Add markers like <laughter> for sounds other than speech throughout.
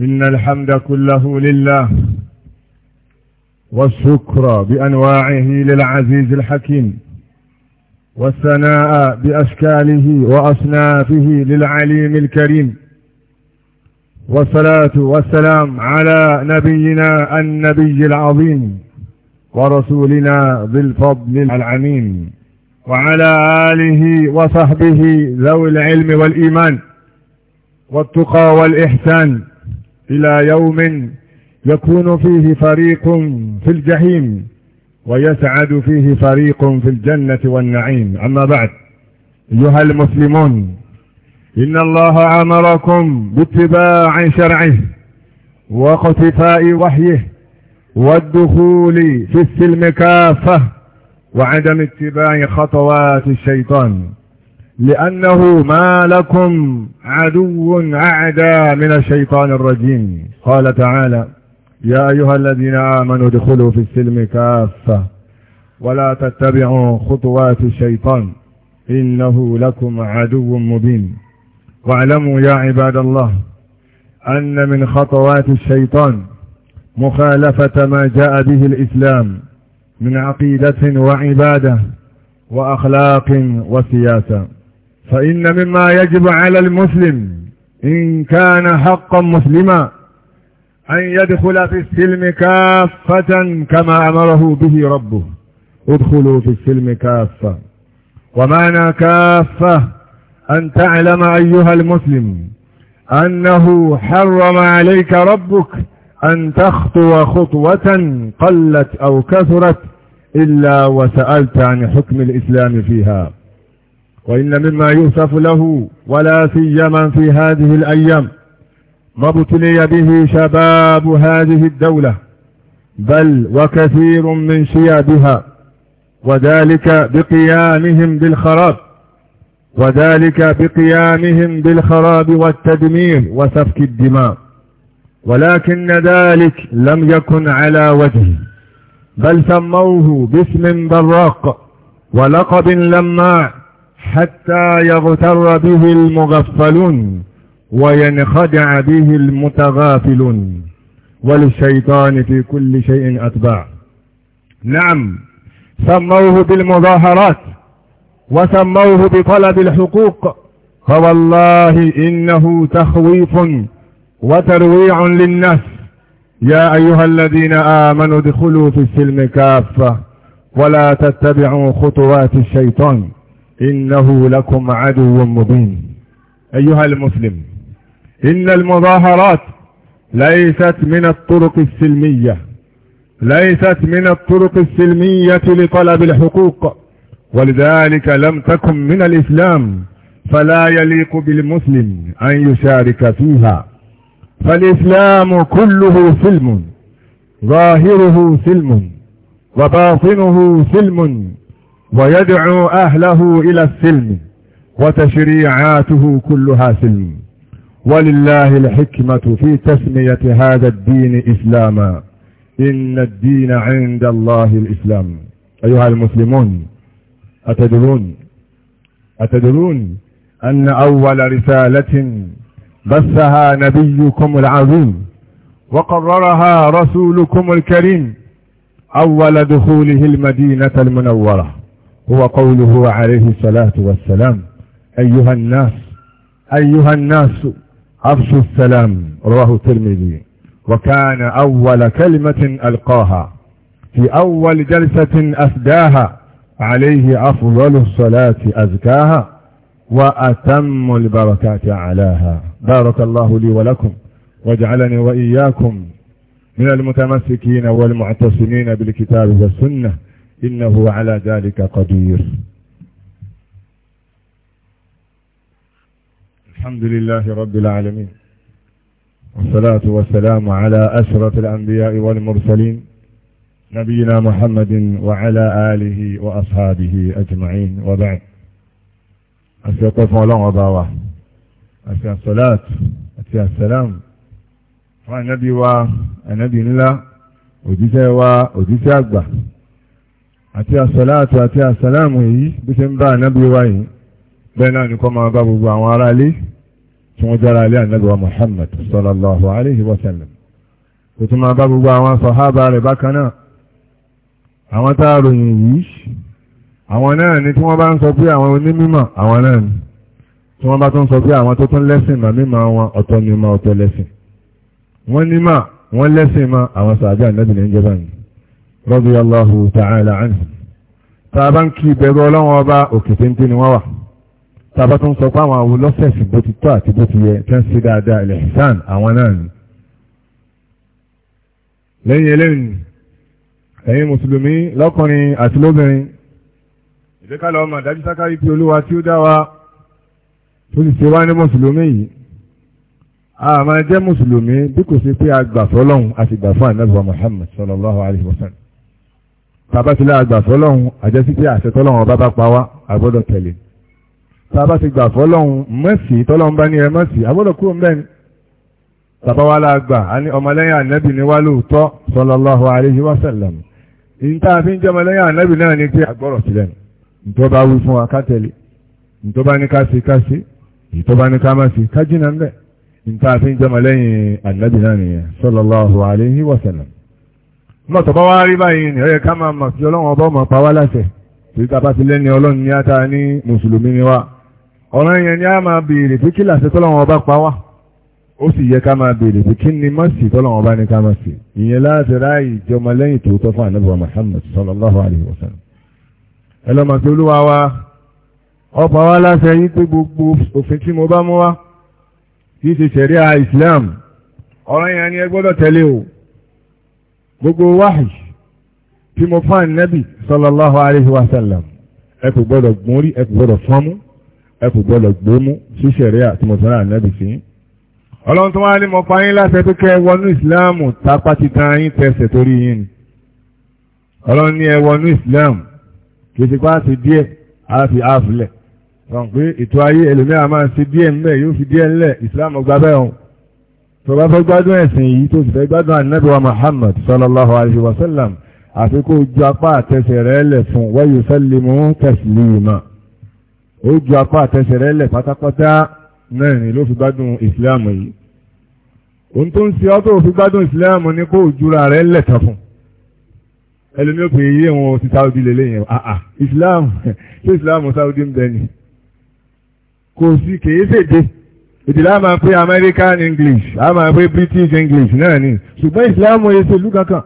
إن الحمد كله لله والشكر بأنواعه للعزيز الحكيم والثناء بأشكاله وأصنافه للعليم الكريم والصلاة والسلام على نبينا النبي العظيم ورسولنا ذي الفضل العميم وعلى آله وصحبه ذوي العلم والإيمان والتقى والإحسان إلى يوم يكون فيه فريق في الجحيم ويسعد فيه فريق في الجنة والنعيم أما بعد أيها المسلمون إن الله أمركم باتباع شرعه واقتفاء وحيه والدخول في السلم كافة وعدم اتباع خطوات الشيطان لأنه ما لكم عدو أعدى من الشيطان الرجيم قال تعالى يا أيها الذين آمنوا ادخلوا في السلم كافة ولا تتبعوا خطوات الشيطان إنه لكم عدو مبين واعلموا يا عباد الله أن من خطوات الشيطان مخالفة ما جاء به الإسلام من عقيدة وعبادة وأخلاق وسياسة فإن مما يجب على المسلم إن كان حقا مسلما أن يدخل في السلم كافة كما أمره به ربه ادخلوا في السلم كافة ومعنى كافة أن تعلم أيها المسلم أنه حرم عليك ربك أن تخطو خطوة قلت أو كثرت إلا وسألت عن حكم الإسلام فيها وإن مما يؤسف له ولا سيما في هذه الأيام ما ابتلي به شباب هذه الدولة بل وكثير من شيابها وذلك بقيامهم بالخراب وذلك بقيامهم بالخراب والتدمير وسفك الدماء ولكن ذلك لم يكن على وجهه بل سموه باسم براق ولقب لماع حتى يغتر به المغفلون وينخدع به المتغافلون وللشيطان في كل شيء أتباع نعم سموه بالمظاهرات وسموه بطلب الحقوق فوالله إنه تخويف وترويع للناس يا أيها الذين آمنوا ادخلوا في السلم كافة ولا تتبعوا خطوات الشيطان إنه لكم عدو مبين أيها المسلم إن المظاهرات ليست من الطرق السلمية ليست من الطرق السلمية لطلب الحقوق ولذلك لم تكن من الإسلام فلا يليق بالمسلم أن يشارك فيها فالإسلام كله سلم ظاهره سلم وباطنه سلم ويدعو أهله إلى السلم وتشريعاته كلها سلم ولله الحكمة في تسمية هذا الدين إسلاما إن الدين عند الله الإسلام أيها المسلمون أتدرون أتدرون أن أول رسالة بثها نبيكم العظيم وقررها رسولكم الكريم أول دخوله المدينة المنورة هو قوله عليه الصلاة والسلام أيها الناس أيها الناس أفشوا السلام رواه الترمذي وكان أول كلمة ألقاها في أول جلسة أفداها عليه أفضل الصلاة أزكاها وأتم البركات علاها بارك الله لي ولكم واجعلني وإياكم من المتمسكين والمعتصمين بالكتاب والسنة إنه على ذلك قدير الحمد لله رب العالمين والصلاة والسلام على أسرة الأنبياء والمرسلين نبينا محمد وعلى آله وأصحابه أجمعين وبعد أسيطف الله وضاوة أسيا الصلاة أسيا السلام فالنبي ونبي الله وجزا وجزا àti àsàlátù àti àsàlámù èyí bí ṣe ń bá ànábì wa yìí bẹ́ẹ̀ náà ni kó máa bá gbogbo àwọn ará ilé tí wọ́n jára ilé ànábì wa Muhammad sallallahu alayhi wa sallam kò tún máa bá gbogbo àwọn sọ̀hábà rẹ̀ bákan náà àwọn tá a ròyìn yìí àwọn náà ni tí wọ́n bá ń sọ pé àwọn onímímọ̀ àwọn náà ni tí wọ́n bá tún sọ pé àwọn tó tún lẹ́sìn mà mímọ̀ wọn ọ̀tọ̀ ni ọ̀tọ̀ lẹ́sìn wọ́n nímọ̀ wọ́n lẹ́sìn mà àwọn sàájà ànábì jẹ́ báyìí radiyallahu ta'ala anhu tàbá ń kí ìbẹ̀rù ọlọ́run ọba òkè téńté ni wọ́n wà tàbá tó ń sọ pé àwọn àwọn olọ́sẹ̀sì bó ti tọ́ àti bó ti yẹ tẹ́ ń ṣe dáadáa ilẹ̀ sàn àwọn náà ni lẹ́yìn eléyìn ẹ̀yin mùsùlùmí lọ́kùnrin àti lóbìnrin ìdẹ́kálọ̀ ọmọ dájú sákàrí pé olúwa tí ó dá wa tó sì ṣe wá ní mùsùlùmí yìí a máa jẹ́ mùsùlùmí bí kò sí pé a gbà fọ́lọ́hun a gbà fún ànábì tàbá ti láà gbà fọ́lọ́hun àjẹsí pé àṣẹ tọ́lọ́hun ọba bá pa wá àgbọ́dọ̀ tẹ̀lé tàbá ti gbà fọ́lọ́hun mẹ́sì tọ́lọ́hun bá ní ẹ mẹ́sì àgbọ́dọ̀ kúrò ń bẹ́ẹ̀ ni tàbá wá láà gbà á ní ọmọlẹ́yìn ànẹ́bì ní wá lóòótọ́ sallallahu alaihi wasallam ní tá a fi ń jẹ́ ọmọlẹ́yìn ànẹ́bì náà ni pé àgbọ́rọ̀ sílẹ̀ ni tó ń mọ̀ tọ́ bá wá rí báyìí ni ó yẹ ká máa mọ̀ sí ọlọ́run ọba ọmọ pa wá láṣẹ torí tá a bá ti lẹ́ni ọlọ́run ní ata ní mùsùlùmí ni wá ọ̀ràn yẹn ni a máa béèrè pé kí làṣẹ tọ́lọ́run ọba pa wá ó sì yẹ ká máa béèrè pé kí ni má sì tọ́lọ́run ọba ní ká máa sì ìyẹn láti ráàyè ìjọmọ lẹ́yìn tòótọ́ fún ànábì Muhammad sallallahu alayhi wa sallam ẹ lọ mọ̀ sí olúwa wa ọ̀pọ̀ wa láṣẹ yí pé gbogbo òfin tí mo bá mú wá kì í ṣe ṣẹ̀ríà Islam ọ̀ràn yẹn ni ẹ gbọ́dọ̀ tẹ̀lé o gbogbo wáhì tí mo fáàn nẹ́bì sallallahu alaihi wa sallam ẹ kò gbọ́dọ̀ gbọ́n rí ẹ kò gbọ́dọ̀ fọ́n mú ẹ kò gbọ́dọ̀ gbọ́n mú sí ṣẹ̀ríà tí mo fẹ́ràn nẹ́bì sí. ọlọ́run tó wáá ní mo pa yín láṣẹ pé kẹ́ ẹ wọnú ìsìláàmù tápá ti tan yín tẹsẹ̀ torí yín ni. ọlọ́run ní ẹ wọnú ìsìláàmù kì í ti pa á ti díẹ̀ á fi áàfù lẹ̀ sọ pé ètò ayé ẹlòmíràn máa ń ṣe díẹ̀ ńlẹ̀ yóò fi díẹ̀ ńlẹ̀ ìsìláàmù tó bá fẹ́ gbádùn ẹ̀sìn yìí tó sì fẹ́ gbádùn ànábì wa Muhammad sallallahu alayhi wa sallam àfi kó ju apá àtẹsẹ̀ rẹ̀ lẹ̀ fún wa yusallimu taslima ó ju apá àtẹsẹ̀ rẹ̀ lẹ̀ pátápátá náà ni ló fi gbádùn ìsìláàmù yìí òun tó ń ṣe ọ́ tó fi gbádùn ìsìláàmù ni kó jura rẹ̀ lẹ̀ tán fún ẹlòmí ò pè yé wọn ti Saudi lélẹ̀ yẹn àà ìsìláàmù <laughs> ṣé ìsìláàmù Saudi ń bẹ ni kò sí kèé fèdè ìdílé a máa pé American English a máa pé British English náà ni ṣùgbọ́n ìsìláàmù ẹsẹ̀ ìlú kankan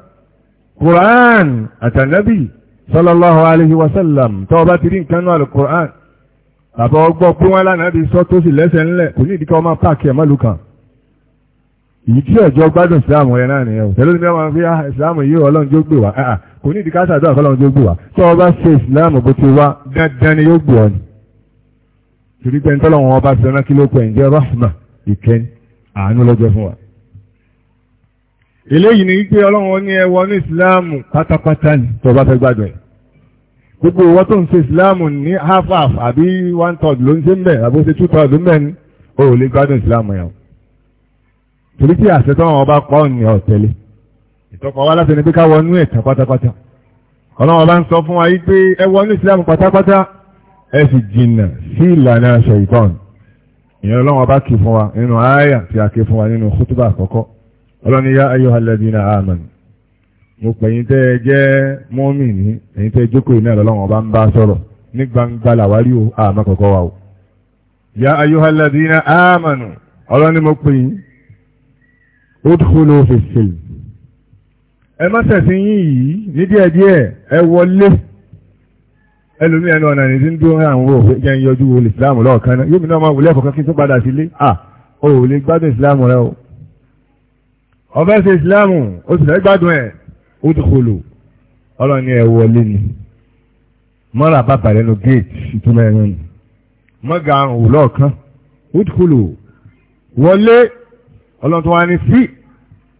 Quran àtànábì sallallahu alayhi wa sallam tó bá ti rí nǹkan náà Quran bàbá ọgbọ́ pé wọ́n lánàá ti sọ tó sì lẹ́sẹ̀ ńlẹ̀ kò ní ìdíkọ́ ọmọ páàkì ẹ̀mọ́ lùkàn èyí tí ọjọ́ gbádùn ìsìláàmù rẹ náà nìyẹn o tẹ́lẹ̀ ní wọ́n fi ah, ìsìláàmù yìí ọlọ́run jó gbè wá ah, ah, kò ní ìdíkásà àdúrà kọ́lọ́run jó gbè wá tó bá ṣe ìsìláàmù bó ti wá dandan ni yóò gbè ọ́ ni torí pé ntọ́lọ̀ wọn bá sẹ́nà kí ló pẹ̀ ń jẹ́ rahma ìkẹ́ni àánú lọ́jọ́ fún wa. eléyìí ni wípé ọlọ́run ní ẹwọ ní ìsìláàmù pátápátá ni tó bá fẹ́ gbàgbẹ́ gbogbo owó tó ń ṣe ìsìláàmù ní half half àbí one third ló ń ṣe ń bẹ̀ àbó ṣe two third ń bẹ̀ ni o ò lè gbádùn ìsìláàmù yẹn o torí pé àṣẹ tó wọn bá pọ̀ ní ọ̀tẹ́lẹ̀ ìtọ́kọ̀ wa láti ní pé ká wọnú ẹ̀tàn pátápátá ọlọ́run bá ń sọ fún wa yí pé ẹwọ ní ìsìláàmù pátápátá ẹ sì jìnnà sí ìlànà ṣèyítọ́n ìyẹn ọlọ́run ọba kì fún wa nínú àáyà tí a kì fún wa nínú kútúbà àkọ́kọ́ ọlọ́ni yá ayyuhal ladina amanu mo pè yín tẹ́ ẹ jẹ́ mùmínì ẹ̀yin tẹ́ ẹ jókòó iná ọlọ́run ọba ń bá sọ̀rọ̀ ní gbangba làwárí o àmọ́ kọ̀kọ́ wa o yá ayyuhal ladina amanu ọlọ́ni mo pè yín udkhulu fi silm ẹ má tẹ̀sí yín yìí ní díẹ̀díẹ̀ ẹ wọlé ẹlòmí ẹnu ọ̀nà ìdí ń dúró àwọn òfin jẹ́ ń yọjú olè ìsìláàmù lọ́ọ̀kan náà yóò mi náà máa wùlẹ̀ ọ̀kọ̀kan kí n tó padà sílé à ò lè gbádùn ìsìláàmù rẹ o ọ̀fẹ́ ṣe ìsìláàmù ó sì fẹ́ gbádùn ẹ̀ ó ti kolo ọlọ́run ni ẹ wọlé ni mọ́ra bàbà lẹ́nu géètì ìtumọ̀ ẹ̀rọ ni mọ́gà àrùn wù lọ́ọ̀kan ó ti kolo wọlé ọlọ́run tó wá sí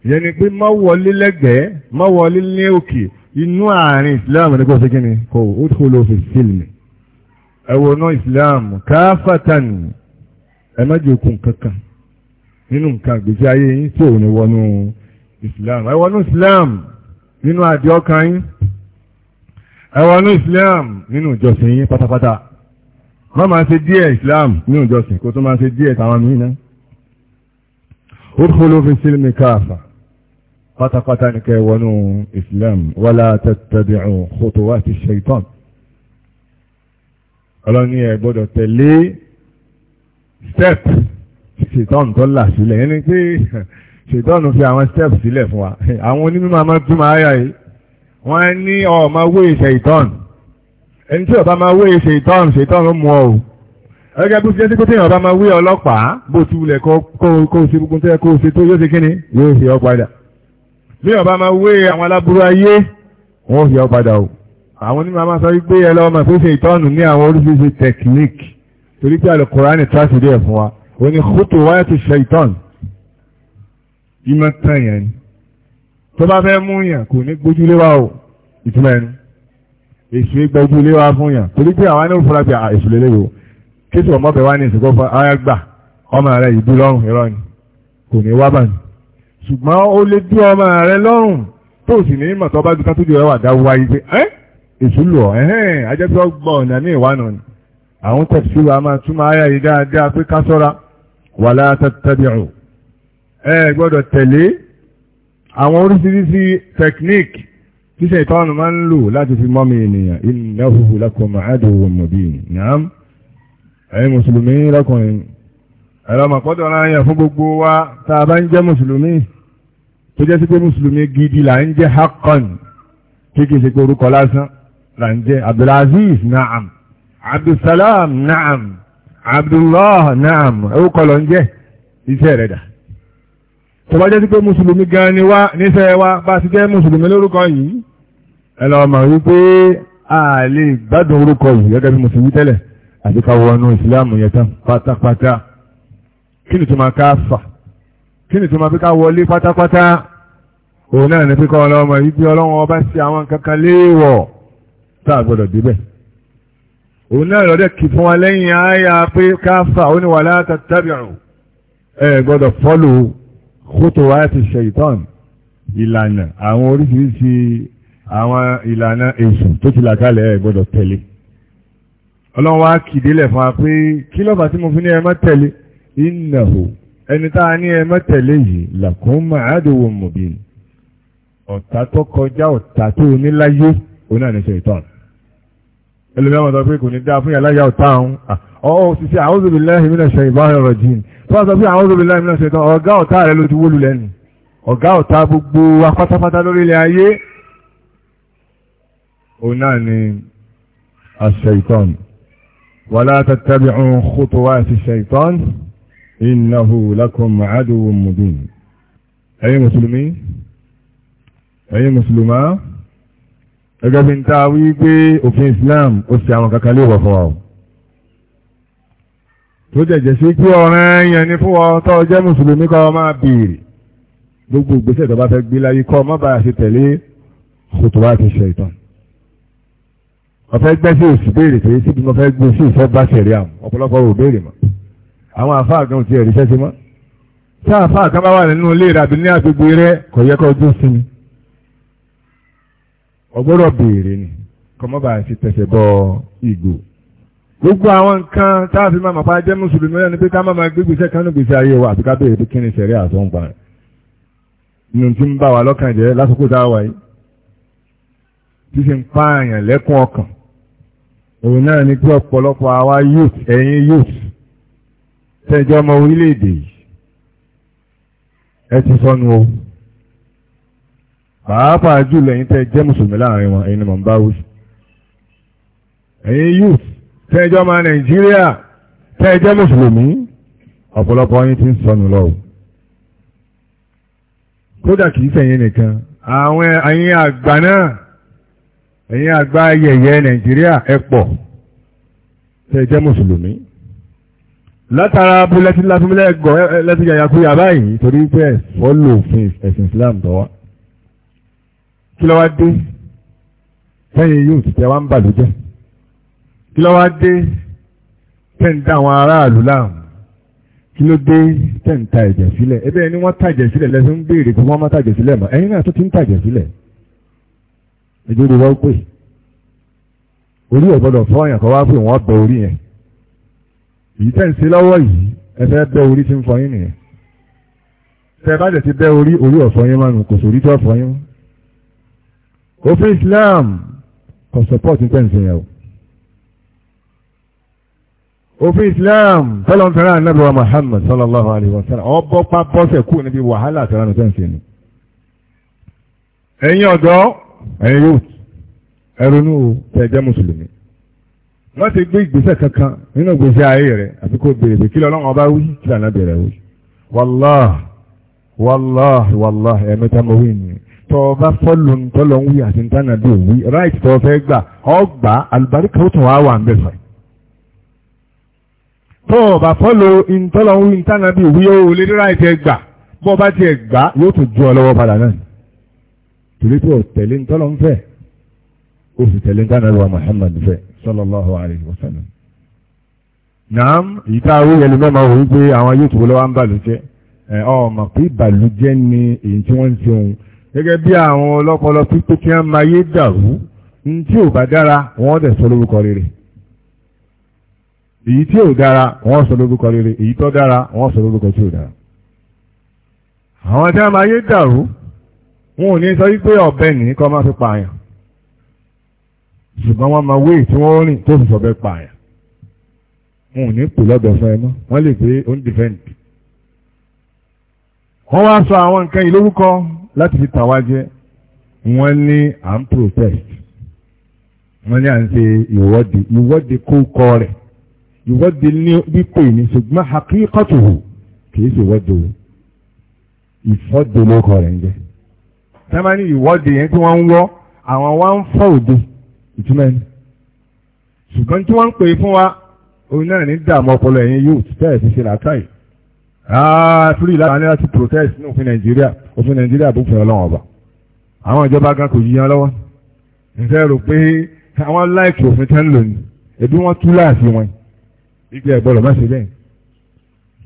ìyẹn ni pé má wọlé lẹ́gbẹ̀ẹ́ má wọlé ní òkè inú àárín islam ní kò sí kí ni kò ó tó lọ fi sílmi ẹwọ̀nà islam káfàtàn ẹmẹ́jọkùn kankan nínú nǹkan àgbèsí ayé yín tí ò ní wọnú islam ẹwọ̀nà islam nínú àdìọ́kàn yín ẹwọ̀nà islam nínú ìjọsìn yín pátápátá má máa ṣe díẹ̀ islam nínú ìjọsìn kó tó máa ṣe díẹ̀ tàwọn mìíràn ó tó lọ fi sílmi káfàtàn pátápátá ní kẹ́ wọnú Islam wala tattabi'u khutuwati shaitan ọlọ́ni ẹ̀ gbọ́dọ̀ tẹ̀lé step ṣètọ́n tó là sílẹ̀ ẹni pé ṣètọ́n fi àwọn step sílẹ̀ fún wa àwọn onímọ̀ máa tún máa yà yìí wọ́n ní ọ̀ máa wé ṣètọ́n ẹni tí ọba máa wé ṣètọ́n ṣètọ́n ló mú ọ o ẹgbẹ́ bó ṣe ṣe pé tí ọba máa wé ọlọ́pàá bó tu lẹ̀ kó kó ṣe gbogbo tó yẹ kó ṣe tó yóò ṣe kíni yóò ṣe ọ padà bí ọba máa wé àwọn aláburú ayé wọ́n fi ọ padà o àwọn onímọ̀ máa sọ wípé ẹ lọ́wọ́ máa fi ṣe ìtọ́nù ní àwọn oríṣiríṣi technique torí pé àlùkùránì tásìdí ẹ̀ fún wa ó ní kótó wáyà ti ṣe ìtọ́nù ìmọ̀ tán yẹn ni tó bá fẹ́ mú yàn kò ní gbójúlé wa o ìtumọ̀ ẹnu èsì gbójúlé wa fún yàn torí pé àwọn anáwó fúnra bí èsì lélẹ́ o kí sọ ọmọbẹ wa ní ìsìnkú ṣùgbọ́n ó lè dí ọmọ rẹ lọ́rùn tó sì ní mọ̀ bá ju kátó ẹwà dá wáyé pé ẹ́ èṣù ẹ̀hẹ́n ajẹ́sọ́ gbọ́ ọ̀nà ní ìwà ni àwọn tẹ̀sí wa máa túmọ̀ ayá yìí dáadáa pé ká sọ́ra wala tattabi'u ẹ gbọ́dọ̀ tẹ̀lé àwọn oríṣiríṣi technique tíṣe ìtọ́nù máa ń lò láti fi mọ́mí ènìyàn innahu lakum aduwwun ẹ̀rọ mọ̀kọ́dọ̀ náà yẹ fún gbogbo wa tá a bá ń jẹ́ mùsùlùmí tó jẹ́ sí pé mùsùlùmí gidi là ń jẹ́ haqqan kí kìí ṣe pé orúkọ lásán là ń jẹ́ abdulaziz naam abdulsalam naam abdullah naam orúkọ lọ ń jẹ́ iṣẹ́ rẹ̀ dà tó bá jẹ́ sí pé mùsùlùmí gan ni wá níṣẹ́ wa bá ti jẹ́ mùsùlùmí lórúkọ yìí ẹ lọ mọ̀ wípé a lè gbádùn orúkọ yìí gẹ́gẹ́ bí mùsùlùmí tẹ́lẹ̀ àti ká wọnú ìsìláàmù yẹn tán pátápátá kí ni tó máa ká fà kí ni tó máa fi ká wọlé pátápátá òun náà ní píkọ́ ọlọ́mọ yìí bí ọlọ́wọ́n ọba sí àwọn kankan léèwọ̀ tá a gbọ́dọ̀ débẹ̀ òun náà lọ́dẹ̀ kì fún wa lẹ́yìn àyà pé káfà ó ní wà láta tábìrù ẹ gbọ́dọ̀ fọ́lù kótó wa ti ṣèyítọ́n ìlànà àwọn oríṣiríṣi àwọn ìlànà èṣù tó ti là kalẹ̀ ẹ gbọ́dọ̀ tẹ̀lé ọlọ́wọ́n á kìdílẹ̀ fún wa pé kí lọ́fà ẹni tá a ní ẹ mọ́tẹ̀lé yìí làkún màádùwò mòbí ọ̀tá tó kọjá ọ̀tá tó níláyé òun náà ní ṣe ìtọ́n ẹlòmíràn máa sọ pé kò ní dáa fún yàrá yà ọ̀tá ọ̀hún ọ̀ ṣiṣẹ́ a'udhu billahi minash shaytanir rajim tó wàá sọ pé a'udhu billahi minash ọ̀gá ọ̀tá innahu lakum aduwwun mubin ẹ̀yin mùsùlùmí ẹ̀yin mùsùlùmá gẹ́gẹ́ bí n ta wí pé òfin Islam ó ṣe àwọn kankan lè wọ̀ fún ọ tó jẹ̀jẹ̀ sí pé ọ̀ràn èèyàn ni fún ọ tó jẹ́ mùsùlùmí kọ́ ọ máa béèrè gbogbo ìgbésẹ̀ tó bá fẹ́ gbé láyé kọ́ ọ má bàa ṣe tẹ̀lé kòtòwá ti ṣe ìtàn ọ̀fẹ́ gbẹ́sẹ̀ òsì béèrè pé síbi mo fẹ́ gbé sí ìfẹ́ bá ṣẹ̀rí àwọn ọ̀pọ̀lọpọ̀ ò béèrè mọ́ àwọn àfáà kan ti ẹ̀rí sẹ́sẹ́ mọ́ tí àfáà kan bá wà nínú ilé rẹ̀ àbí ní agbègbè rẹ̀ kò yẹ kó dún sinmi ọgbọ́dọ̀ béèrè ni kọ́mọ́bà ti tẹ̀sẹ̀ bọ ìgò gbogbo àwọn nǹkan tá a fi máa màpá jẹ́ mùsùlùmí ọ̀yọ́ ni pé ká má máa gbé gbèsè kan ní gbèsè ayé wa àti ká béèrè pé kí ni sẹ̀rí àtọ́ǹgbà rẹ̀ nínú tí ń bá wa lọ́kàn jẹ́ lásìkò tá a wà yìí tí sì ń pààyàn lẹ́kùn ọkàn òun náà ni pé ọ̀pọ̀lọpọ̀ àwa youth ẹ̀yin youth tẹ́jọ́ ọmọ orílẹ̀-èdè yìí ẹ ti sọnù o pàápàá jùlọ ẹ̀yin tẹ́ jẹ́ mùsùlùmí láàrin wọn ẹ̀yin ni mò ń bá wí ẹ̀yin youth tẹ́jọ́ ọmọ nàìjíríà tẹ́ jẹ́ mùsùlùmí ọ̀pọ̀lọpọ̀ yín ti ń sọnù lọ o kódà kì í ṣẹ̀yin nìkan àwọn ẹ̀yin àgbà náà ẹ̀yin àgbà yẹ̀yẹ́ nàìjíríà ẹ pọ̀ mùsùlùmí látara bó lẹ́tí lásìmílẹ̀ gọ̀ lẹ́tí yàyàkúyà báyìí torí pé ẹ̀fọ́ lò fún ẹ̀sìn Islam tọ́wọ́ kí ló wá dé sẹ́yìn yóò ti tẹ́ wá ń bà ló jẹ́ kí ló wá dé tẹ́ǹtà àwọn aráàlú láàmú kí ló dé tẹ́ǹtà ẹ̀jẹ̀ sílẹ̀ ẹbẹ́ ẹni wọ́n tàjẹ̀ sílẹ̀ lẹ́sìn ń béèrè pé wọ́n má tàjẹ̀ sílẹ̀ mọ́ ẹ̀yin náà tó ti ń tàjẹ̀ sílẹ̀ ẹjọ́ ìdíwọ́ pè orí ẹ̀ gbọ́dọ̀ fọ́ ọ̀yàn kan wá pé wọ́n bẹ orí yẹn èyí tẹ́ ń ṣe lọ́wọ́ yìí ẹ fẹ́ bẹ́ orí tí ń fọ yín nìyẹn tẹ́ bá dẹ̀ ti bẹ́ orí orí ọ̀fọ́ yín mánu kò sórí tó ọ̀fọ́ yín òfin Islam kò support tẹ́ ń ṣe yẹn o òfin Islam tọ́lọ́n fẹ́ràn anábì sallallahu alayhi wa sallam ọbọ̀ pa bọ́sẹ̀ kú níbi wàhálà àtàrànù tẹ́ ń ṣe ni ẹ̀yin ọ̀dọ́ ẹ̀yin yóò ẹ̀rọ inú tẹ̀ jẹ́ mùsùlùmí wọ́n ti gbé ìgbésẹ̀ kankan nínú ìgbésẹ̀ ayé rẹ̀ àfi kó béèrè pé kí lọ́lọ́run ọba wí kí lànà bẹ̀rẹ̀ wí. wàláhì wàláhì wàláhì ẹ̀mẹ́ta mọ̀ wí nìyẹn tọ́ ọba fọ́lù ń wí àti ntánà dé òwí right tọ́ fẹ́ gbà ọgbà àlùbáríkà ó tún wá wà ń fà. tọ́ ọba fọ́lù ń wí ntánà dé òwí ó lé right ẹ gbà bọ́ ọba tiẹ̀ gbà yóò tún sallallahu alayhi wa sallam. naam èyí tá a wí ẹni mẹ́ma wò wípé àwọn yóò tìwọ́ lọ́wọ́ ń bàlùjẹ́ ọmọ pé ìbàlùjẹ́ ni èyí tí wọ́n ń ṣe òun gẹ́gẹ́ bí àwọn ọlọ́pọlọ pípé tí wọ́n máa yé dàrú ní tí ò bá dára wọ́n dẹ̀ sọ lórúkọ rere èyí tí ò dára wọ́n sọ lórúkọ rere èyí tó dára wọ́n sọ lórúkọ tí ò dára àwọn tí wọ́n máa yé dàrú wọn ò ní sọ wípé ọ̀bẹ nìkan máa fi pààyàn ṣùgbọ́n wọ́n máa wé tí wọ́n rìn tó sì sọ bẹ́ẹ̀ pààyàn wọn ò ní pè lọ́dọ̀ fún ẹ mọ́ wọ́n lè pé ó ń dìfẹ́ǹdì wọ́n wá sọ àwọn nǹkan ìlórúkọ láti fi tàwa jẹ wọ́n ní à ń protest wọ́n ní à ń ṣe ìwọ́de ìwọ́de kó kọ rẹ̀ ìwọ́de ní wípé ní ṣùgbọ́n àkíkọ́tùhù kì í ṣe ìwọ́de o ìfọ́de ló kọ rẹ̀ ń jẹ́ tẹ́lẹ̀ ní ìwọ́de yẹn tí wọ́n ń wọ́ àwọn wá ń fọ́ òde ìtumọ̀ ẹni ṣùgbọ́n tí wọ́n ń pè fún wa òun náà ní dààmú ọpọlọ ẹ̀yin yóò ti tẹ́ẹ̀ fi ṣe làákàyè fúlì láti láti protest ní òfin nàìjíríà òfin nàìjíríà bó fẹ́ ọlọ́wọ́n ọba àwọn ìjọba gan kò yíyan lọ́wọ́ ǹjẹ́ rò pé àwọn láìkì òfin tán lò ní ẹbí wọ́n tú láàfi wọn ìgbẹ́ ẹ̀gbọ́dọ̀ má ṣe bẹ́ẹ̀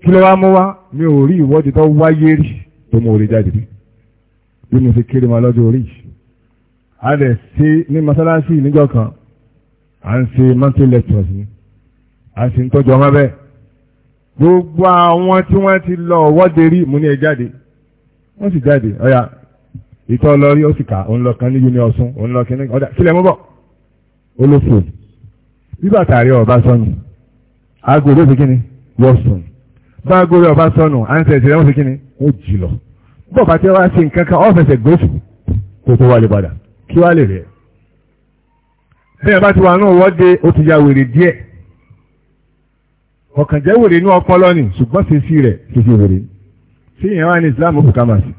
kí ló wá mú wá mi ò rí ìwọ́de tó wáyé rí tó mo rí jáde rí bí mo ṣe kéré ma lọ́jọ́ orí yìí a dẹ̀ ṣe ní masalasi níjọ́ kan à ń ṣe monthly lectures ni à ń ṣe ń tọ́jú ọmọ bẹ́ẹ̀ gbogbo àwọn tí wọ́n ti lọ wọ́de rí mú ní ẹ jáde wọ́n sì jáde ọ̀yà ìtọ́ lọ rí ó sì kà òun lọ kan ní yúni ọ̀sùn òun lọ kínní ọ̀dà sílẹ̀ mú bọ̀ olófò bíbà tààrí ọba sọnù aago ló fi kíni wọ́n sùn bá aago rẹ ọba sọnù àǹtẹ̀ ìṣẹ̀lẹ̀ wọn fi kíni ó jì lọ bọ́ọ̀ bá tẹ́ wá sí nǹkan kan ọ́ fẹsẹ̀ kó tó wálé padà kí wá lè rẹ̀ bẹ́ẹ̀ bá ti wà náà wọ́de ó ti ya wèrè díẹ̀ ọ̀kàn jẹ́ wèrè ní ọpọlọ ni ṣùgbọ́n ṣèṣì rẹ̀ ṣèṣì wèrè sí ìyẹn wá ní Islam kò ká mà sí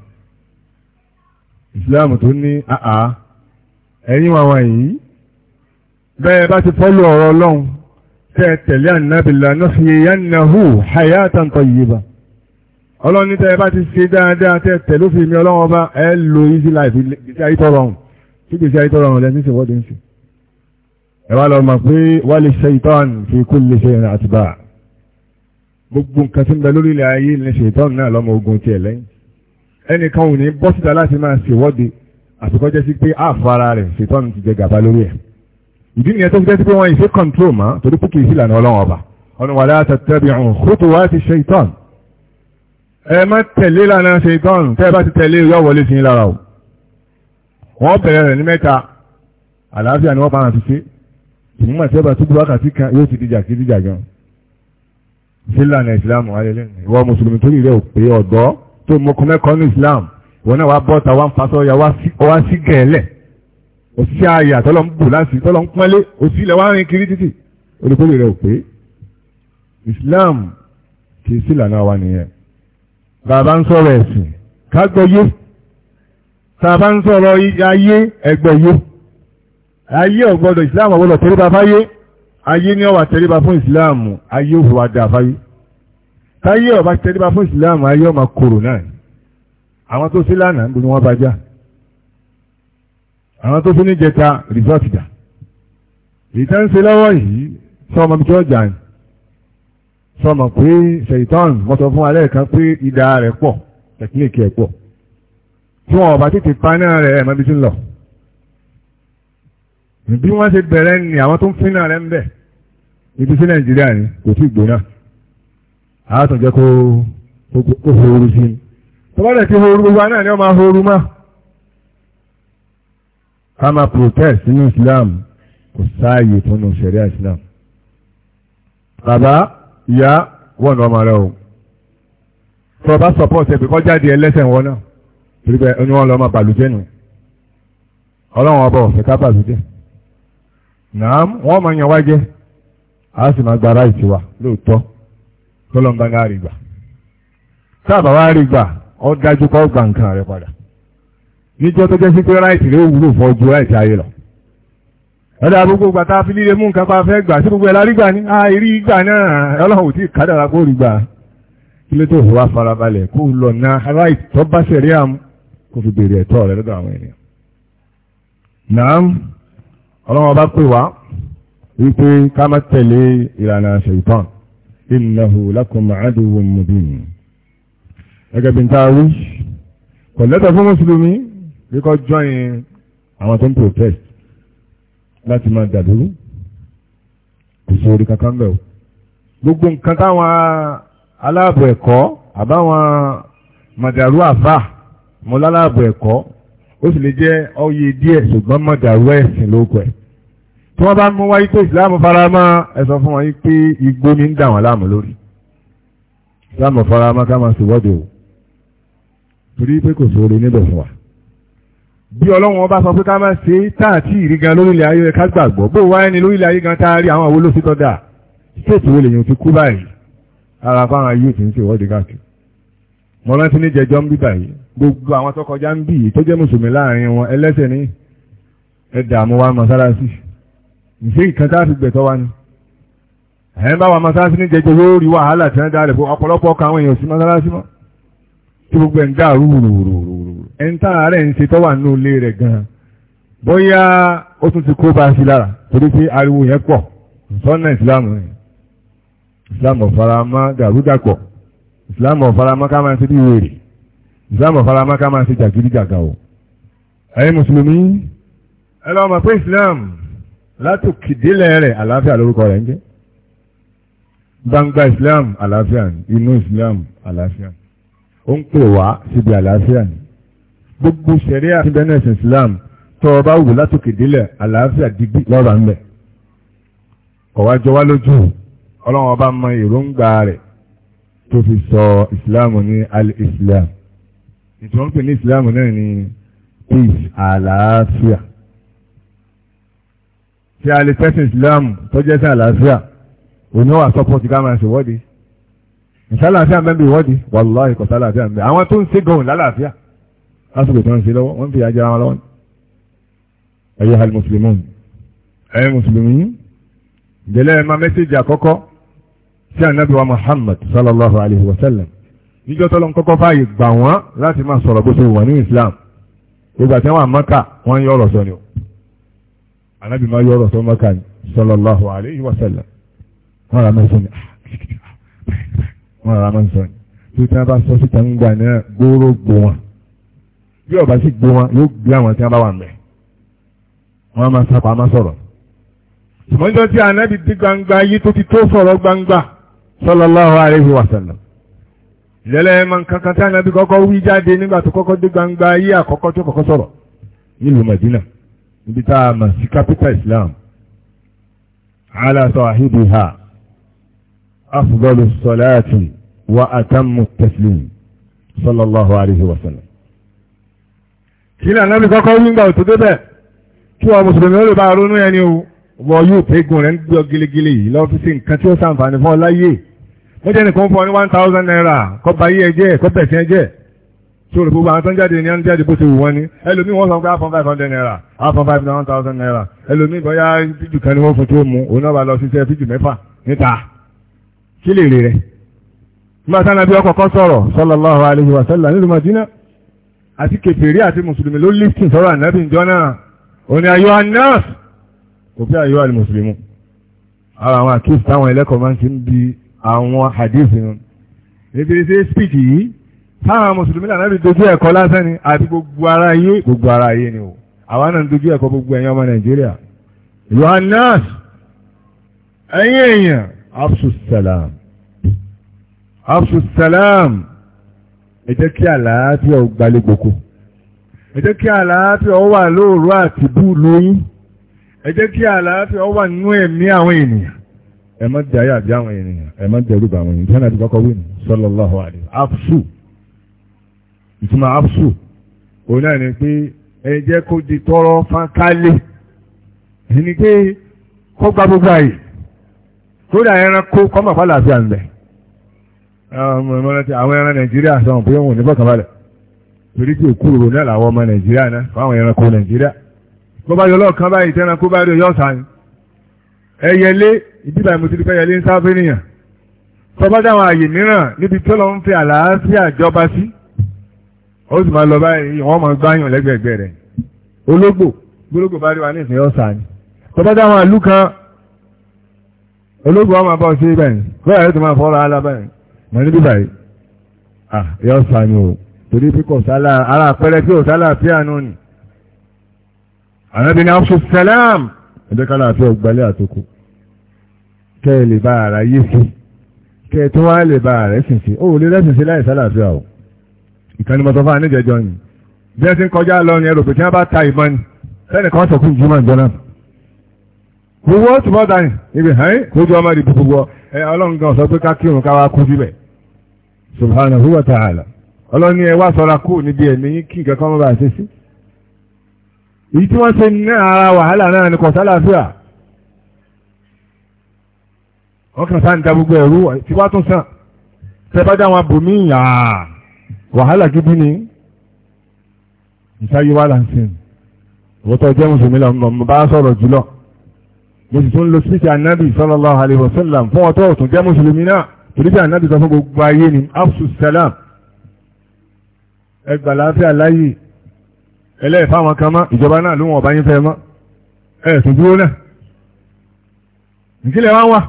Islam tó ní àá ẹ̀yìn wàwọn yìí bẹ́ẹ̀ bá ti fọ́lù ọ̀rọ̀ Ọlọ́run tẹ́ tẹ̀lé ànábìlà náà fi yánnahu hayatan tayyiba Ọlọ́run ní tẹ́ bá ti ṣe dáadáa tẹ́ tẹ̀lé òfin mi Ọlọ́run ọba ẹ lo easy life ìgbésí ayé tọrọ ọ̀hún kí gbèsè ayé tọrọ àwọn ọ̀lẹ́ níṣẹ́ wọ́de ń sìn ẹ wá lọ mọ̀ pé wà lè ṣe ìtọ́n fi kú lè ṣe ìrìn àtibá gbogbo nǹkan tí ń bẹ lórí ilẹ̀ ayé ní ṣe ìtọ́n náà lọ́mọ ogun tiẹ̀ lẹ́yìn ẹnìkan ò ní bọ́ síta láti máa ṣèwọ́de àfikọ́ jẹ́ sí pé àfọ ara rẹ̀ ṣètọ́n ti jẹ gàba lórí ẹ̀ ìdí nìyẹn tó fi jẹ́ sí pé wọ́n ìṣe kọ́ńtró mọ́ torí pé kì í ọlọ́run ọba ọ̀nà wọ́n bẹ̀rẹ̀ rẹ̀ ní mẹ́ta àlàáfíà ni wọ́n bá hàn títí ìmúmọ̀ tí ó bá túbú wákàtí kan yóò ti dìjà kí dìjà gan sílà ní ìsìlámù alẹ́lẹ́ ìwọ mùsùlùmí tó yìí rẹ̀ ò pé ọ̀dọ́ tó mú ọkọ mẹ́kọ́ ní ìsìlámù ìwọ náà wá bọ́ta wá ń fasọ́ ya wá sí gẹ̀ẹ́lẹ̀ òṣìṣẹ́ àyà tọ́lọ́ ń bù láti tọ́lọ́ ń pọ́nlé òṣìṣẹ́ wá rìn kiri títì olùkórè rẹ̀ ò pé ìsìlámù kì í sílà náà wá nìyẹn bàbá ń sọ̀rọ̀ ẹ̀sìn ká gbọ́ yé tàbá ń sọ̀rọ̀ ayé ẹgbẹ̀yé ayé ọ̀gbọ́dọ̀ islam ọ̀gbọ́dọ̀ tẹ́ríba fáyé ayé ní ọwà tẹ́ríba fún islam ayé òfìwà dà fáyé táyé ọ̀bá tẹ́ríba fún islam ayé ọmọ kòrò náà àwọn tó sí lánàá bí wọ́n bá já àwọn tó sí ní jẹta rìsọ́ọ̀tì dà ìtẹ́ ń ṣe lọ́wọ́ yìí sọmọ bí kí ọjà ni sọmọ pé ṣèyítọ́n mọ́tò fún alẹ́ kan pé ìdá rẹ̀ pọ̀ tẹ̀kíníkì ẹ̀ pọ̀ tí wọ́n bá tètè paná rẹ̀ ẹ̀ mọ́bí tí ń lọ bí wọ́n ṣe bẹ̀rẹ̀ ni àwọn tó ń fínà rẹ̀ ń bẹ̀ ibi sí nàìjíríà ni kò tí gbóná àátàn jẹ́ kó hooru sí i tó bá dẹ̀ ti hooru gbogbo aná ni wọ́n máa hooru mọ́ ká máa protest nínú Islam kò sáàyè tó nù sẹ̀ríà Islam bàbá ìyá wọ́n ní ọmọ rẹ̀ o tó o bá support ẹ̀ pé kọ́ jáde ẹlẹ́sẹ̀ wọn náà. torí ẹni lọ ọmọ bàlùjẹ́ nù ọlọ́run ọba ọ̀fẹ́ ká bàlùjẹ́ nàám wọ́n máa yan wájẹ́ a sì máa gba ráìtì wa lóòótọ́ tọ́lọ́n ga rí gbà wá rí gbà dájú kọ́ nǹkan rẹ padà níjọ́ tó jẹ́ sí pé ráìtì wúlò fọ́ ju ráìtì ayé lọ gbogbo gbà a fi líle mú nǹkan pa fẹ́ gbà sí gbogbo ẹ̀ la rí gbà ní àìrí gbà náà ọlọ́run ò tí ì lọ ráìtì kó fi béèrè ẹ̀tọ́ rẹ̀ lọ́dọ̀ àwọn ènìyàn. Nàám ọlọ́wọ́n bá pè wá wípé ká má tẹ̀lé ìlànà ṣèyítàn innahu lakum aduwwun mubin. Gẹ́gẹ́ bí n ta wí, kò lẹ́tọ̀ fún Mùsùlùmí bí kò jọyìn àwọn tó ń protest láti máa dàdúrú. Kò sí orí kankan bẹ́ẹ̀ o. Gbogbo nǹkan táwọn aláàbò ẹ̀kọ́ àbáwọn màdàrú àfáà mo lálàbọ̀ ẹ̀kọ́ ó sì lè jẹ́ ọyẹ díẹ̀ ṣùgbọ́n mọ̀ dàrú ẹ̀sìn lóko ẹ̀ tí wọ́n bá mú wáyé pé ìsìláàmù faramọ́ ẹ sọ fún wọn yí pé igbó ní ń dà wọ́n láàmú lórí ìsìláàmù faramọ́ ká máa ṣèwọ́de o torí pé kò sóore níbẹ̀ fún wa bí ọlọ́run ọba sọ pé ká máa ṣe táàtì ìrí gan lórílẹ̀ ayé ká gbàgbọ́ bó wáyé ni lórílẹ̀ ayé gan táàrí àwọn àwòlóṣítọ́dà mo rántí ní jẹjọ́ ń bí báyìí gbogbo àwọn tó kọjá ń bí tó jẹ́ mùsùlùmí láàrin wọn ẹlẹ́sẹ̀ ní ẹ̀dà mọ́sálásí ìṣe ìkan tá a fi gbẹ̀tọ́ wa ni bá wa mọ́sálásí ní jẹjọ́ wàhálà tí wọ́n dá rẹ̀ fún ọ̀pọ̀lọpọ̀ àwọn mọ́ tí gbogbo ẹ̀ ń dà bá islam ọ̀faramọ́ ká máa ṣe bí wèrè islam ọ̀faramọ́ ká máa ṣe jàgídíjàgà o ẹ̀yin mùsùlùmí ẹ lọ mọ̀ pé islam látòkìdílẹ̀ rẹ̀ àlàáfíà lórúkọ rẹ̀ ń jẹ́ gbangba islam àlàáfíà ni inú islam àlàáfíà ni ó ń pè wá síbi àlàáfíà ni gbogbo sẹ̀ríà ti bẹ́ẹ̀ ẹ̀sìn islam tó o bá wù látòkè délẹ̀ àlàáfíà dídí lọ́ba ń bẹ̀ kọ̀wájọ wá lójú ọlọ́run ọba mọ èròǹgbà rẹ̀ tó fi sọ ìsìláàmù ní al-islam ìtọ́ ń pè ní ìsìláàmù náà ní peace àlàáfíà tí a lè tẹ́sí ìsìláàmù tó jẹ́ sí àlàáfíà òní wà sọ́pọ̀ ti ká máa ṣe wọ́de ìsálàáfíà mẹ́bí ìwọ́de wàláhì kò sálàáfíà mẹ́bí àwọn tó ń ṣe gan lálàáfíà lásìkò tó ń ṣe lọ́wọ́ wọ́n fi àjẹ́ ara lọ́wọ́ ẹ̀yọ́ al-muslimun ẹ̀yọ́ mùsùlùmí ìdẹ́lẹ́ ẹ̀ máa mẹ́sẹ̀jì sí ànábì wa Muhammad sallallahu alayhi wa sallam níjọ́ tọ́lọ́ kọ́kọ́ fààyè gbà wọ́n láti máa sọ̀rọ̀ bó ṣe wà ní Islam gbogbo àti àwọn àmọ́kà wọ́n yọ ọ̀rọ̀ sọ ni o ànábì máa yọ ọ̀rọ̀ sọ mọ́kà ni sallallahu alayhi wa sallam wọ́n rà máa sọ ni ah, wọ́n rà máa sọ ni tó tí wọ́n bá sọ síta ń gbà náà gbóró gbó wọn bí ọba sì gbó wọn yóò gbé àwọn tí wọ́n bá wà mẹ́ wọ́n máa sọ̀rọ̀ sọ̀rọ̀ sallallahu alayhi wa sallam lẹ́lẹ́mọ̀ kankan tí ànábì kọ́kọ́ wí jáde nígbà tó kọ́kọ́ dé gbangba ayé àkọ́kọ́ tó kọ́kọ́ sọ̀rọ̀ nílùú Madina níbi tá a mọ̀ sí capital Islam ala sahibiha afdalu salati wa atammu taslim sallallahu alayhi wa kí ni ànábì kọ́kọ́ wí ńgbà tó débẹ̀ kí wọ́n mùsùlùmí ó lè bá ronú ẹni o wọ́n yóò tẹ́gùn rẹ̀ ń gbọ́ gílégílé yìí lọ́fíìsì nǹkan tí ó sàǹfààní fún ọ láyé wọ́n jẹ́ nìkan fún ọ ní one thousand naira kọ́ ba yí ẹjẹ́ kọ́ bẹ̀sẹ̀ ẹjẹ́ tí o rò gbogbo àwọn tó ń jáde ní jáde bó ṣe wù wọ́n ni ẹlòmíì wọ́n sọ pé àfọ̀n five hundred naira àfọ̀n five one thousand naira ẹlòmíì bóyá fíjù kan ni wọ́n fún tó mu òun náà bá lọ ṣiṣẹ́ fíjù mẹ́fà níta kí lè rè rẹ̀ nígbà táwọn abẹ́ ọkọ̀ kọ́ sọ̀rọ̀ sallallahu alaihi wa sallam nílùú Madina àti kèfèrí àti mùsùlùmí ló lífin sọ̀rọ̀ ànábì ìjọ náà òní ayọ̀ anáàsì kò fẹ́ àyíwá ni mùsùlùmí ara àwọn àkíyèsí táwọn ẹlẹ́kọ̀ọ́ máa ń ti ń bi àwọn àdéhùn nù nítorí sí speech yìí táwọn mùsùlùmí lànà bí dojú ẹ̀kọ́ lásán ni àti gbogbo ara ayé gbogbo ara ayé ni o àwa náà ń dojú ẹ̀kọ́ gbogbo ẹ̀yin ọmọ nàìjíríà yohanas ẹ̀yin èèyàn abdulsalam abdulsalam ẹ kí àlàáfíà ó gbalẹ̀ gboko ẹ kí àlàáfíà ó wà lóòrò àti búùlù ẹ jẹ́ kí àlàáfíà ó wà nínú ẹ̀mí àwọn ènìyàn ẹ má jẹ́ àyàbí àwọn ènìyàn ẹ má jẹ́ orúkọ àwọn ènìyàn tí wọ́n ti kọ́kọ́ wíìnì sallallahu alaihi afṣù ìtumọ̀ afṣù òun náà ni pé ẹ jẹ́ kó di tọrọ fankálé ẹni pé kó gba gbogbo àyè kódà ẹranko kọ́mọ̀ fàlàáfíà ń bẹ̀ àwọn ẹran Nàìjíríà sọ̀rọ̀ pé wọn ò ní bọ̀kànbalẹ̀ torí pé òkúròrò náà làwọn ọmọ Nàìjíríà náà fáwọn ẹranko Nàìjíríà bó bá yọ lọ́ọ̀kan báyìí tẹ́ran kó bá rí ọyọ́ ọ̀sán ẹyẹlé ìdíbà ìmọ̀tìlú fẹ́yẹlé ń sáfẹ́ nìyàn tọ́bá dáwọn àyè mìíràn níbi tí ọlọ́run fi àlàáfíà jọba sí ó sì máa lọ báyìí wọ́n máa gbáyàn lẹ́gbẹ̀ẹ́gbẹ̀ rẹ̀ ológbò gbólógbò bá rí wa ní ìsìn ọ̀sán ni tọ́bá dáwọn àlú ah, o torí pé kò ànábì ní afṣu salam ẹ̀dẹ́kálà àti ọgbàlẹ̀ àtòkù kẹ́ ẹ lè bá ara yé sí kẹ́ ẹ tó wá lè bá ara ẹ̀sìn sí ó lè rẹ́sìn sí láìsí àlàáfíà o ìkànnì mọ̀tọ́fà níjẹ̀jọ́ yìí bí ẹ ti ń kọjá lọ ni ẹ rò tí wọ́n bá ta ìbọn ni sẹ́ni kan sọ̀kú ìjùmọ̀ ìjọ náà gbogbo ó túbọ̀ dání ibi hàn kójú ọmọ gbogbo ẹ ọlọ́run sọ pé ká ká wá kú síbẹ̀ subhanahu wa ta'ala ọlọ́run ẹ wá sọra kú níbi ẹ̀mí kí nǹkan mọ́ bá ṣe sí èyí tí wọ́n ṣe ní ara wàhálà náà ni kọ̀sálàfíà ọkàn sáà ń da gbogbo ẹ̀rú tí wàá tún sàn tẹ́bádá wọn bò mí yà á wàhálà gidi ni ìsáyé wà láǹsìn òótọ́ jẹ́ mùsùlùmí lọ mọ̀ bá sọ̀rọ̀ jùlọ mo sì tún lo síkì anábì sallallahu alaihi wasallam fún ọtọ́ ọ̀tún jẹ́ mùsùlùmí náà torí bí anábì sọ fún gbogbo ayé ni afṣu ẹgbàláfíà láyé ẹlẹ́ẹ̀fà wọn kan mọ́ ìjọba náà ló wọn ọba yín fẹ́ mọ́ ẹ̀sùn dúró náà ìkílẹ̀ wá wà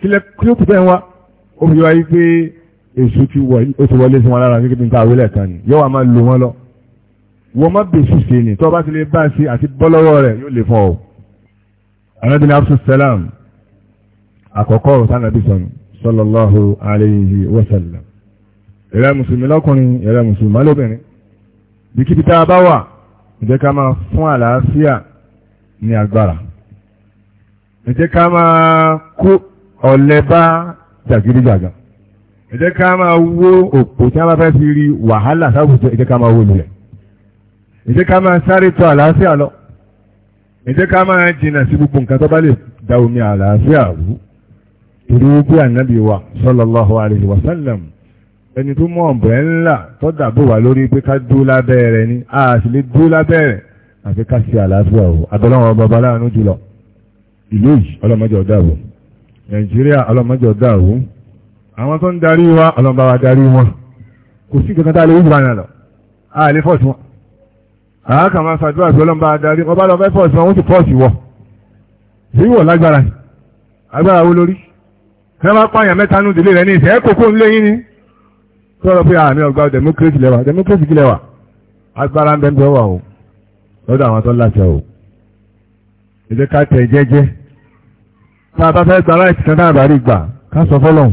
kílẹ̀ kílókù bẹ́ẹ̀ wá ó fi wáyé pé èṣù ti wọlé sí wọn lára gẹ́gẹ́ bí nǹkan àwílẹ̀ kan ni yóò wá máa lò wọ́n lọ wọ́n má bèṣù sí ni tó bá ti lè bá sí àti bọ́ lọ́wọ́ rẹ̀ yóò lè fọ́ ọ. anábìnrin abdul salam àkọ́kọ́ sanabi sọ̀nù sallallahu alayhi wa sallam ìrẹ́ mùsùlùmí lọ́kùnrin ìrẹ́ mùsùlùmí lóbìnrin bíkíbi tá a bá wà ǹjẹ́ ká máa fún àlàáfíà ní agbára ǹjẹ́ ká máa kó ọ̀lẹ bá jàgídíjàgà ǹjẹ́ ká máa wó òpó tí wọ́n bá fẹ́ fi rí wàhálà sáwùjọ ǹjẹ́ ká máa wó lulẹ̀ ǹjẹ́ ká máa sáré tọ̀ àlàáfíà lọ ǹjẹ́ ká máa jìnà sí gbogbo nǹkan tó bá lè da omi àlàáfíà rú torí wípé ànábì wa sallallahu alaihi wa sallam ẹni tó mú ọ̀bẹ ńlá tó dàbò wà lórí pé ká dúró lábẹ́ rẹ̀ ni a sì lè dúró lábẹ́ rẹ̀ àfi ká sí àlàáfíà o abẹ́láwọn ọba aláàánú jùlọ ìlú yìí ọlọ́mọdé ọ̀dà o nàìjíríà ọlọ́mọdé ọ̀dà o àwọn tó ń darí wa ọlọ́mọba wa darí wọn kò sí kankan tá a lè wúwo àná lọ a lè fọ́ọ̀sì wọn àákà máa ṣàdúrà sí ọlọ́mọba adarí ọba lọ fẹ́ fọ́ọ̀sì wọn wọ́n ti fọ́ọ̀sì sọ̀rọ̀ pé àmì ah, ọgbà democracy lẹ́wà democracy kí lẹ́wà agbára ń bẹ ń bẹ wà o lọ́dọ̀ àwọn tó láṣẹ o ìdí ká tẹ̀ jẹ́jẹ́ tá a bá fẹ́ gba láìsí kan náà bàrí gbà ká sọ fọ́lọ́hún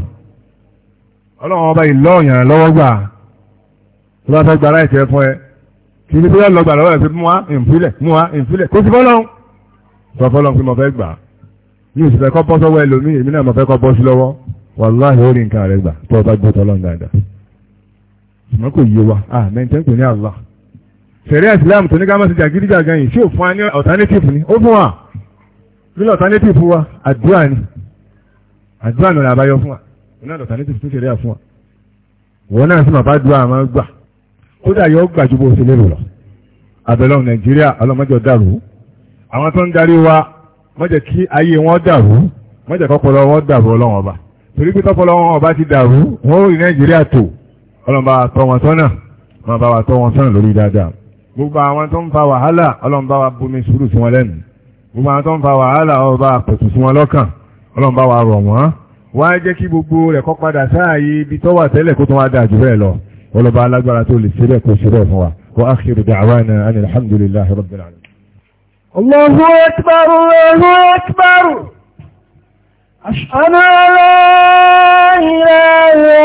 ọlọ́run ọba ìlọ ọ̀yàn lọ́wọ́ gbà tó bá fẹ́ gba láìsí ẹ fún ẹ kì í ṣe bóyá lọ́gbà lọ́wọ́ ẹ fi mú wa ìfilẹ̀ mú wa ìfilẹ̀ kó sì fọ́lọ́hún sọ fọ́lọ́hún pé mo fẹ́ gbà yóò sì fẹ́ kọ́ bọ́ sọ́wọ́ ẹlòmíì èmi náà mo fẹ́ kọ́ bọ́ sí lọ́wọ́ wàláhì ó rí nǹkan rẹ̀ gbà tó o bá gbé tọ́lọ́ dáadáa ṣùgbọ́n kò yé wa à ah, mẹ́ntẹ́ kò ní àlá sẹ̀rí àìsílámù tó ní ká má ṣe jàgídíjàgan yìí ṣé ò fún wa ní alternative ni ó fún wa lílọ alternative wa àdúrà ni àdúrà nù làbáyọ fún wa òun náà alternative tó ṣẹlẹ̀ fún wa wọn náà sì máa bá dúrà máa gbà kódà yóò gbà ju bó ṣe lérò lọ àbẹ̀lọ́ nàìjíríà ọlọ́mọjọ dàrú àwọn tó ń darí wa má jẹ́ kí ayé wọn dàrú má jẹ́ kọ́pọ̀lọ́ wọn dàrú ọlọ́wọ́n ọba torí pé tọ́pọ̀lọ́ wọn ọba ti dàrú wọn ò rí nàìjíríà tó ọlọ́run bá wa tọ́ wọn sọ́nà máa bá wa tọ́ wọn sọ́nà lórí dáadáa gbogbo àwọn tó ń fa wàhálà ọlọ́run bá wa bomi sùúrù sí wọn lẹ́nu gbogbo àwọn tó ń fa wàhálà ọlọ́run bá wa pẹ̀tù sí wọn lọ́kàn ọlọ́run bá wa rọ̀ wọ́n wá jẹ́ kí gbogbo rẹ̀ kọ́ padà sáàyè ibi tó wà tẹ́lẹ̀ kó tó wá dáa jù bẹ́ẹ̀ lọ ọlọ́ba alágbára tó lè ṣe bẹ́ẹ̀ kó ṣe bẹ́ẹ̀ fún wa wa akhiru da'wana ani alhamdulillahi rabbil alamin. Allahu akbar Allahu akbar ashhadu an la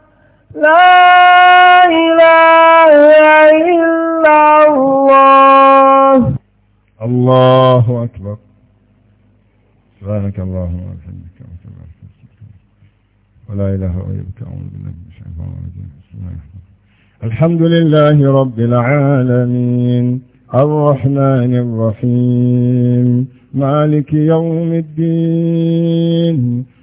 لا إله إلا الله الله أكبر سبحانك اللهم وبحمدك ولا إله غيرك أعوذ بالله من الشيطان الرجيم بسم الله الحمد لله رب العالمين الرحمن الرحيم مالك يوم الدين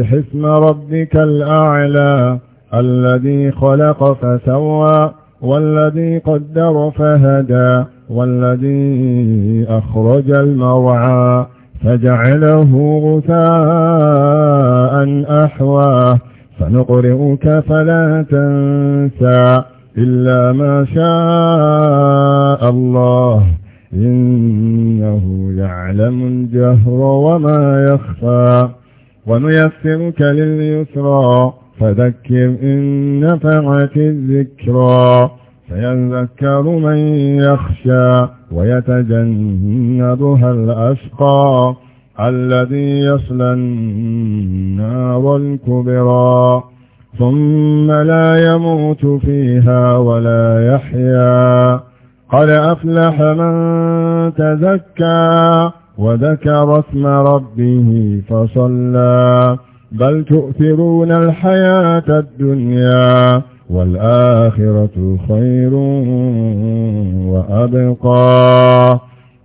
سبح اسم ربك الأعلى الذي خلق فسوى والذي قدر فهدى والذي أخرج المرعى فجعله غثاء أحوى فنقرئك فلا تنسى إلا ما شاء الله إنه يعلم الجهر وما يخفى ونيسرك لليسرى فذكر إن نفعت الذكرى فيذكر من يخشى ويتجنبها الأشقى الذي يصلى النار الكبرى ثم لا يموت فيها ولا يحيا قد أفلح من تزكى وذكر اسم ربه فصلى بل تؤثرون الحياة الدنيا والآخرة خير وأبقى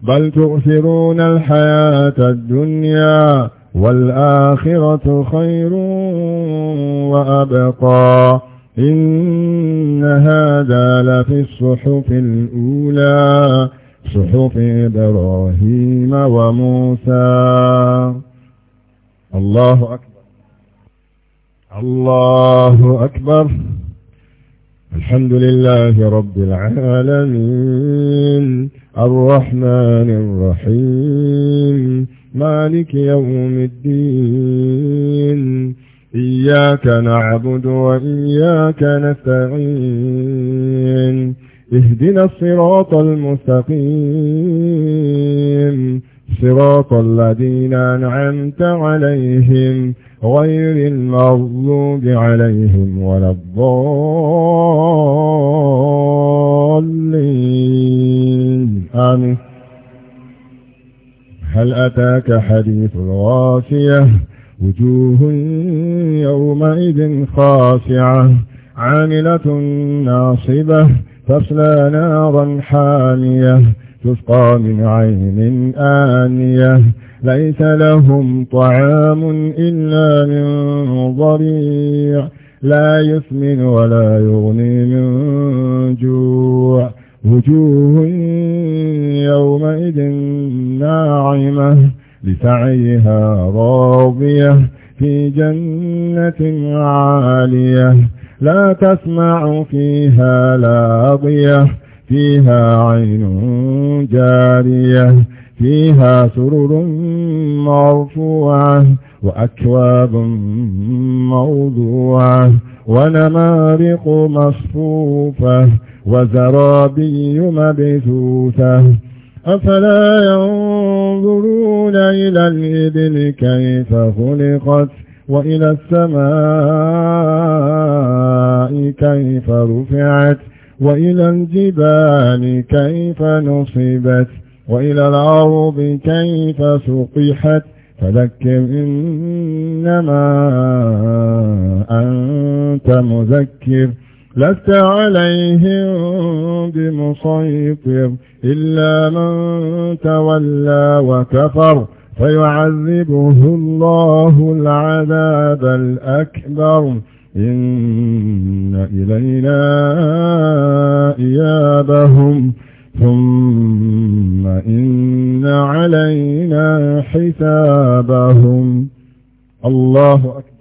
بل تؤثرون الحياة الدنيا والآخرة خير وأبقى إن هذا لفي الصحف الأولى صحف إبراهيم وموسى الله أكبر الله أكبر الحمد لله رب العالمين الرحمن الرحيم مالك يوم الدين إياك نعبد وإياك نستعين اهدنا الصراط المستقيم صراط الذين أنعمت عليهم غير المغضوب عليهم ولا الضالين آمين هل أتاك حديث الغاشية وجوه يومئذ خاشعة عاملة ناصبة تصلى نارا حامية تسقى من عين آنية ليس لهم طعام إلا من ضريع لا يسمن ولا يغني من جوع وجوه يومئذ ناعمة لسعيها راضية في جنة عالية لا تسمع فيها لاغية فيها عين جارية فيها سرر مرفوعة وأكواب موضوعة ونمارق مصفوفة وزرابي مبثوثة أفلا ينظرون إلى الإبل كيف خلقت وإلى السماء كيف رفعت وإلى الجبال كيف نصبت وإلى الأرض كيف سقحت فذكر إنما أنت مذكر لست عليهم بمسيطر إلا من تولى وكفر فيعذبه الله العذاب الأكبر إن إلينا إيابهم ثم إن علينا حسابهم الله أكبر